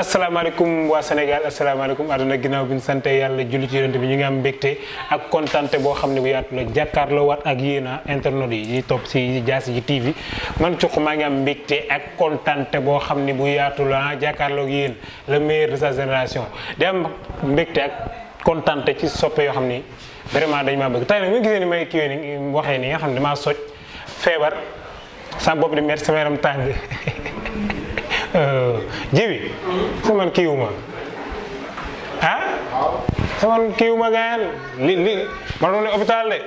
asalaamaaleykum waa Sénégal asalaamaaleykum àdduna ginnaaw bi ñu yàlla julli ci yonent bi ñu ngi am mbégte ak kontante boo xam ne bu yaatu la jàkkaarloo waat ak yéen a ah, yi ñuy topp si Diassi ji TV man cuq maa ngi am mbégte ak kontante boo xam ne bu yaatu la ah, jàkkaarloo ak le meilleur de sa génération di am mbégte ak kontante ci soppe yoo xam ni vraiment dañ maa bëgg tey nag mu gisee ni may kiiwee ni waxee ni nga xam ne damaa soj feebar sa bopp di metti sama yaram tàng Euh, jibi sa man kiiwuma ah sa man kiiwuma gaañ li li ma doon ne hôpital de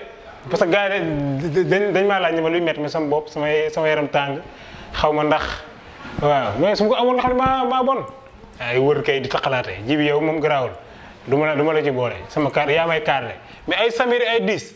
parce que gars yi dañ dañ maa laaj ne ma luy métti mais sama bopp sama yaram tàng xaw ma ndax waaw mais su ma ko amoon nga xam ne maa maa bon ay wër kay di taxalaate jibi yow moom garaawul du ma la duma la ci boole sama kaar yaa may kaar mais ay samir ay diis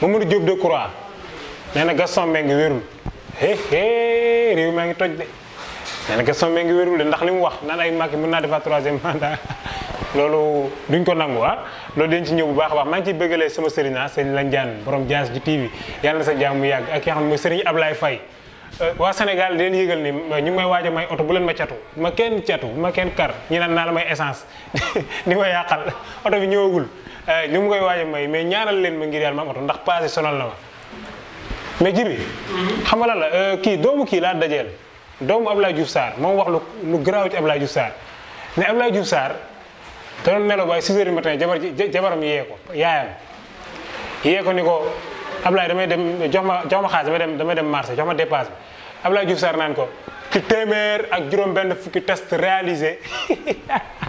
Mamadou Diop Decroix nee na Gaston ngi wérul hé hé réew maa ngi toj de nee na me ngi wérul de ndax limu mu wax naan ay Macky mën naa 3e mandat lolu duñ ko nangu wa lo den ci ñew bu baax baax ma ngi ciy sama sëriñ ah Lañ Jaan borom Dias ji TV yalla sa jàmm yag ak xam mo mooy Ablaye Faye eh, Sénégal den yëgal ni ñu may waja may auto bu leen ma ciatu ma kenn ciatu ma kenn kar ñi nan na la may essence ni ma yaqal auto bi ñëwagul li eh, mu koy waaj a may mais ñaanal leen ma ngir yàlla ma amatu ndax passé sonal na ma mais jibi mhm. xam nga lan la euh, kii doomu kii laa dajeel doomu Abdoulaye Diouf Sarr moom wax lu lu garaaw ci Abdoulaye Diouf Sarr ne Abdoulaye Diouf Sarr da doon nelaw baay 6 heures du matin jabar jabaram yee ko yaayam yee ko ni ko Abdoulaye damay dem jox ma jox ma xaalis damay dem damay dem marché jox ma dépasse bi Abdoulaye Diouf Sarr naan ko ci téeméer ak juróom benn fukki test réalisé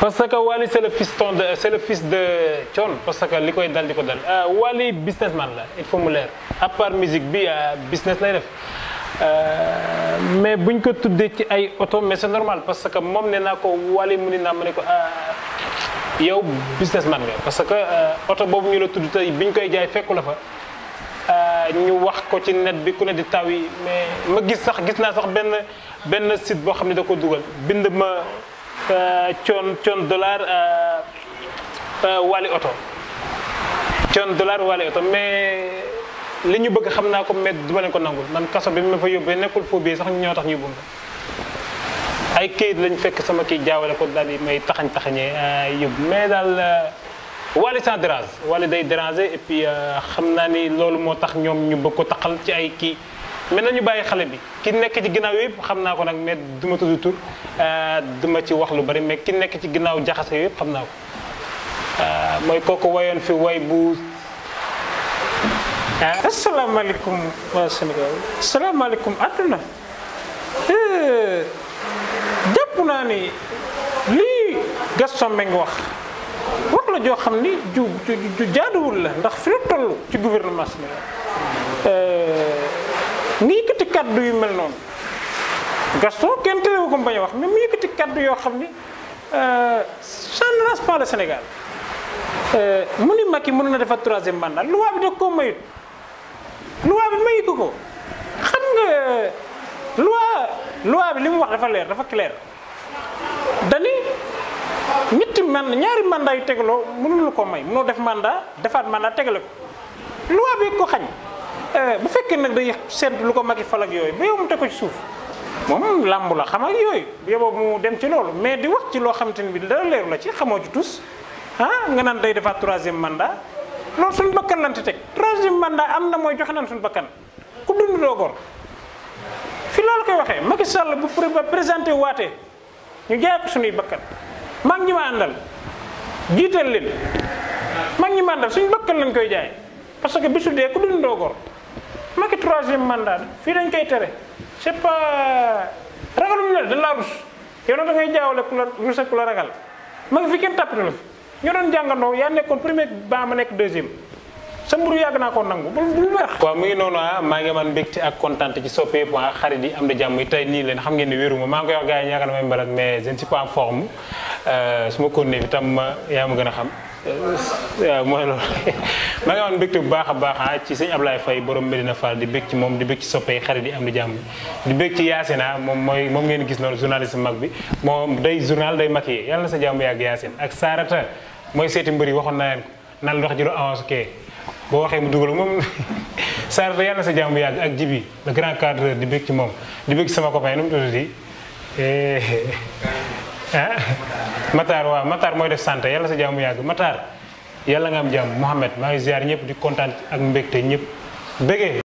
parce que Wally c' est le fils ton de c' est le fils de Thione parce que li koy dal di ko dal Wally businessman la il faut mu leer à part musique bi business lay def mais buñ ko tuddee ci ay oto mais c' est normal parce que moom nee naa ko Wally mu ne naa ma ne ko yow businessman nga parce que oto boobu ñu la tudd tey biñ koy jaay fekku la fa ñu wax ko ci net bi ku ne di taw yi mais ma gis sax gis naa sax benn benn site boo xam ne da ko dugal bind ma. Eh, coon coon eh, eh, dollar wali oto coon dollar wali oto mais li ñu bëgg xam naa ko mais du ma leen ko nangul man kaso bi ma fa yóbbee nekkul foo bii sax ñoo tax ñuy bund ay kayit lañ fekk sama kii jaawale ko daal di may taxañ taxañee yóbbu mais daal wali sans dérange wali day déranger et puis xam naa ni loolu moo tax ñoom ñu bëgg ko taxal ci ay kii mais nañu bàyyi xale bi ki nekk ci ginnaaw yëpp xam naa ko nag mais du ma euh, duma ci wax lu bari mais ki nekk ci ginnaaw jaxase yëpp xam naa ko euh, mooy kooku wayoon fi way bu. ah asalaamaaleykum waa Sénégal asalaamaaleykum àdduna euh, jàpp naa ni lii Gaston Mbengue wax wax la joo xam ni ju ju jaaduwul la ndax fi la toll ci gouvernement Sénégal. yëkkati kàddu yu mel noonu Gaston kenn wax mais mu yëkkati yoo xam ni euh, ça ne rase euh, mu ni Macky mën na defar troisième mandat loi bi da koo mayut loi ko ko xam nga loi loi bi li mu wax dafa leer dafa clair dani ñetti man ñaari mandat yu tegaloo mënul ko may mënoo def mandat defaat mandat tegale ko loi bi ko xañ Eh, bu fekkee nag day séntu lu ko mag fal ak yooyu ba yow mu teg ko ci suuf moom làmbu la xamal ak yooyu yow mu dem ci loolu mais di wax ci loo xamante ni bi dara leeru la ci xamoo ci tus ah nga naan day defaat troisième mandat loolu suñu bakkan lan te teg troisième mandat am na mooy joxe naan suñu bakkan ku dund doo gor fi loolu koy waxee Macky Sall bu présenté waatee ñu jaay ko suñuy bakkan maa ngi ñi ma àndal jiital leen maa ñi ma àndal suñu bakkan lañ koy jaay parce que bisu dee ma ki ya, troisième mandat fi dañ koy téré c'est est pas ragalum la de la rouge yow na da ngay jaawale ko la rouge ko la ragal ma fi ken tàppatu la ñu ñoo doon jàngandoo yaa nekkoon premier ba ma nekk deuxième sa mburu yag na ko nangu bu bul wax wa mu ngi noonu ah maa ngi man bekti ak contente ci sopé point xarit yi am de jamm tay ni nii leen xam ngeen ne wéeru ma ngi wax gaay ñaka na may mbalak mais je ne suis pas en forme euh suma ko néew itam yaa ma gëna xam waaw mooy loolu maa bu baax a baax ah, ci sëñ Ablaye Faye borom Medina Fall di bég ci moom di bég ci soppe xarit am di jàmm di bég ci Yacina ah, moom mooy moom ngeen gis noonu journaliste mag bi moom day journal day maquillé yàlla na sa jàmm yàgg Yacine ak saarata mooy seeti mbër yi waxoon naa leen ko naan ndox ji avance kee boo waxee mu dugal moom Sarata yàlla na sa jàmm yàgg ak Jibi le grand cadreur di bég ci moom di bég ci sama copain nu mu tuddati eh. ah Matar waaw Matar mooy def sant yàlla sa jàmm yàgg Matar yalla nga am jàmm Mouhamed maa ngi ziar ñëpp di kontaan ak mbégte ñëpp bégee